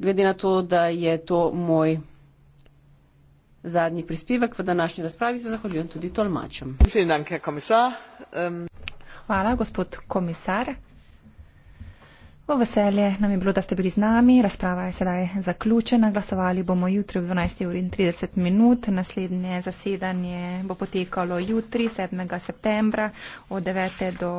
Glede na to, da je to moj zadnji prispevek v današnji razpravi, se zahvaljujem tudi tolmačem. Ähm, Hvala, gospod komisar. V veselje nam je bilo, da ste bili z nami. Razprava je sedaj zaključena. Glasovali bomo jutri v 12.30 minut. Naslednje zasedanje bo potekalo jutri, 7. septembra, od 9. do.